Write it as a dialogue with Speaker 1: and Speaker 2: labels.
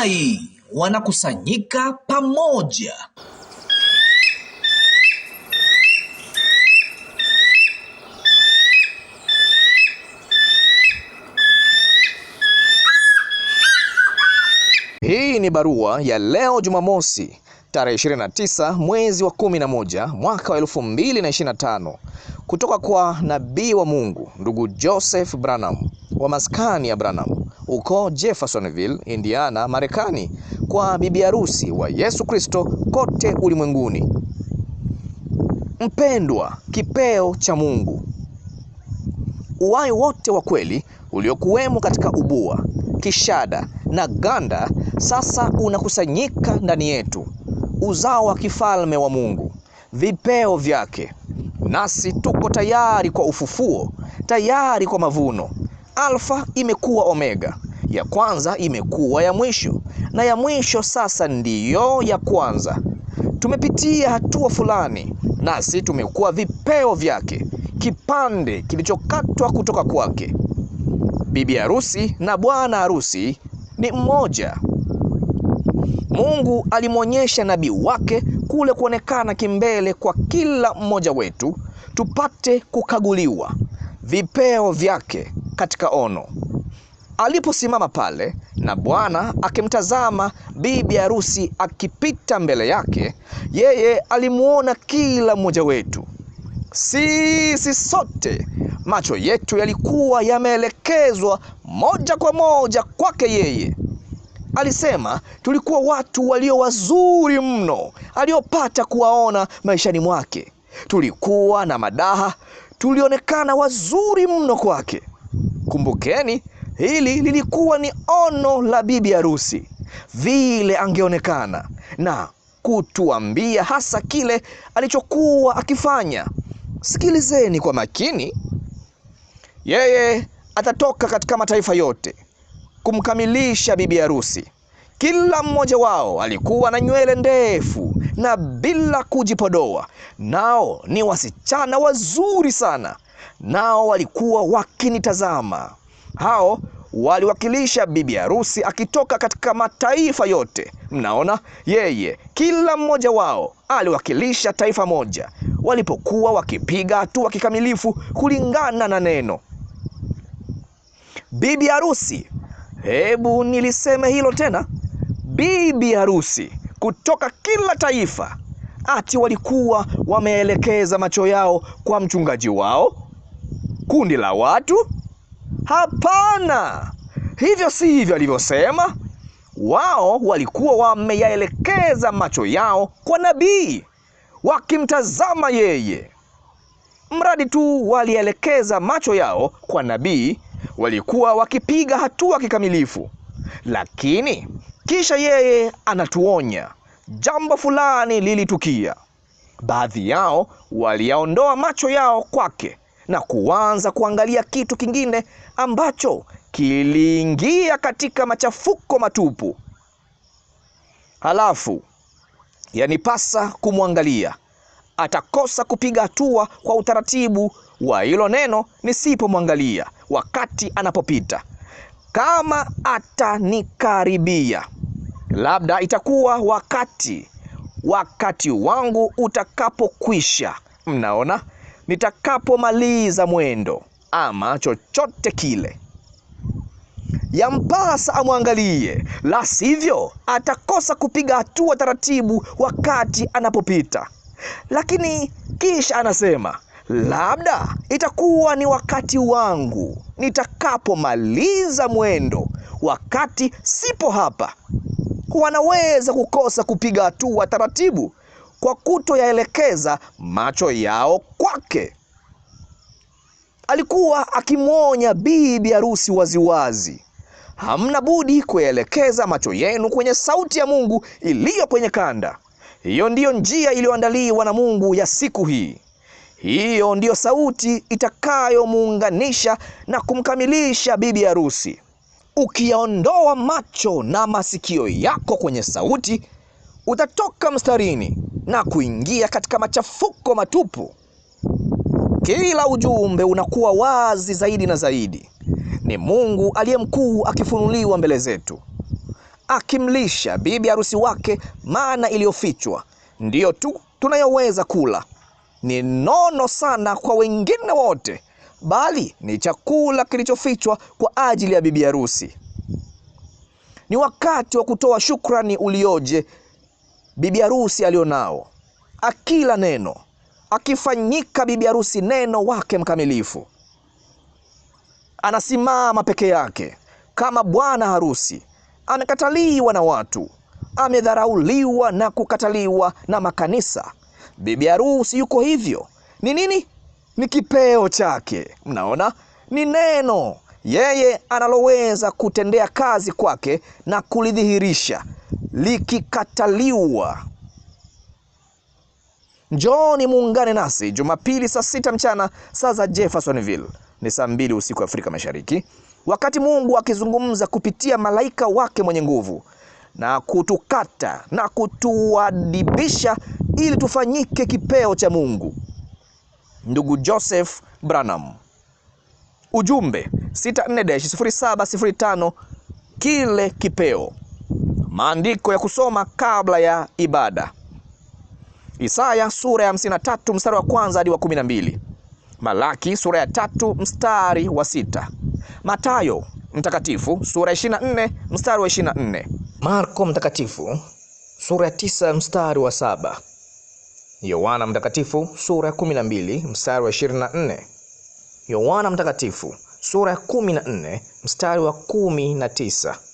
Speaker 1: tai wanakusanyika pamoja. Hii ni barua ya leo Jumamosi tarehe 29 mwezi wa 11 mwaka wa 2025 kutoka kwa nabii wa Mungu ndugu Joseph Branham wa maskani ya Branham huko Jeffersonville, Indiana, Marekani, kwa bibi harusi wa Yesu Kristo kote ulimwenguni. Mpendwa, kipeo cha Mungu, uwai wote wa kweli uliokuwemo katika ubua, kishada na ganda sasa unakusanyika ndani yetu, uzao wa kifalme wa Mungu, vipeo vyake, nasi tuko tayari kwa ufufuo, tayari kwa mavuno Alfa imekuwa Omega, ya kwanza imekuwa ya mwisho, na ya mwisho sasa ndiyo ya kwanza. Tumepitia hatua fulani, nasi tumekuwa vipeo vyake, kipande kilichokatwa kutoka kwake. Bibi harusi na bwana harusi ni mmoja. Mungu alimwonyesha nabii wake kule kuonekana kimbele kwa kila mmoja wetu, tupate kukaguliwa vipeo vyake katika ono. Aliposimama pale na bwana akimtazama bibi harusi akipita mbele yake, yeye alimwona kila mmoja wetu. Sisi sote macho yetu yalikuwa yameelekezwa moja kwa moja kwake yeye. Alisema tulikuwa watu walio wazuri mno aliopata kuwaona maishani mwake. Tulikuwa na madaha, tulionekana wazuri mno kwake. Kumbukeni, hili lilikuwa ni ono la bibi harusi, vile angeonekana na kutuambia hasa kile alichokuwa akifanya. Sikilizeni kwa makini. Yeye atatoka katika mataifa yote kumkamilisha bibi harusi. Kila mmoja wao alikuwa na nywele ndefu na bila kujipodoa, nao ni wasichana wazuri sana nao walikuwa wakinitazama. Hao waliwakilisha bibi harusi akitoka katika mataifa yote. Mnaona, yeye kila mmoja wao aliwakilisha taifa moja, walipokuwa wakipiga hatua kikamilifu kulingana na neno bibi harusi. Hebu niliseme hilo tena, bibi harusi kutoka kila taifa, ati walikuwa wameelekeza macho yao kwa mchungaji wao kundi la watu? Hapana, hivyo si hivyo alivyosema. Wao walikuwa wameyaelekeza macho yao kwa nabii, wakimtazama yeye. Mradi tu walielekeza macho yao kwa nabii, walikuwa wakipiga hatua kikamilifu. Lakini kisha yeye anatuonya, jambo fulani lilitukia. Baadhi yao waliyaondoa macho yao kwake na kuanza kuangalia kitu kingine ambacho kiliingia katika machafuko matupu. Halafu yanipasa kumwangalia, atakosa kupiga hatua kwa utaratibu wa hilo neno nisipomwangalia wakati anapopita. Kama atanikaribia, labda itakuwa wakati wakati wangu utakapokwisha. Mnaona? nitakapomaliza mwendo ama chochote kile. Yampasa amwangalie, la sivyo atakosa kupiga hatua taratibu wakati anapopita. Lakini kisha anasema, labda itakuwa ni wakati wangu nitakapomaliza mwendo, wakati sipo hapa. Wanaweza kukosa kupiga hatua taratibu kwa kutoyaelekeza macho yao kwake. Alikuwa akimwonya bibi harusi waziwazi, hamna budi kuyaelekeza macho yenu kwenye sauti ya Mungu iliyo kwenye kanda. Hiyo ndiyo njia iliyoandaliwa na Mungu ya siku hii. Hiyo ndiyo sauti itakayomuunganisha na kumkamilisha bibi harusi. Ukiyaondoa macho na masikio yako kwenye sauti, utatoka mstarini na kuingia katika machafuko matupu. Kila ujumbe unakuwa wazi zaidi na zaidi, ni Mungu aliye mkuu akifunuliwa mbele zetu, akimlisha bibi harusi wake maana iliyofichwa. Ndiyo tu tunayoweza kula, ni nono sana kwa wengine wote, bali ni chakula kilichofichwa kwa ajili ya bibi harusi. Ni wakati wa kutoa shukrani ulioje bibi harusi alionao, akila neno, akifanyika bibi harusi neno wake mkamilifu, anasimama peke yake kama bwana harusi, amekataliwa na watu, amedharauliwa na kukataliwa na makanisa. Bibi harusi yuko hivyo. Ni nini? Ni kipeo chake. Mnaona, ni neno yeye analoweza kutendea kazi kwake na kulidhihirisha likikataliwa. Njooni muungane nasi Jumapili saa sita mchana saa za Jeffersonville, ni saa mbili usiku Afrika Mashariki, wakati Mungu akizungumza kupitia malaika wake mwenye nguvu na kutukata na kutuadibisha ili tufanyike kipeo cha Mungu. Ndugu Joseph Branham. Ujumbe 64-0705 kile kipeo. Maandiko ya kusoma kabla ya ibada. Isaya sura ya 53 mstari wa kwanza hadi wa 12. Malaki sura ya tatu mstari wa sita. Matayo mtakatifu sura ya 24 mstari wa 24. Marko mtakatifu sura ya tisa mstari wa saba. Yohana mtakatifu sura ya 12 mstari wa 24. Yohana mtakatifu sura ya 14 mstari wa 19.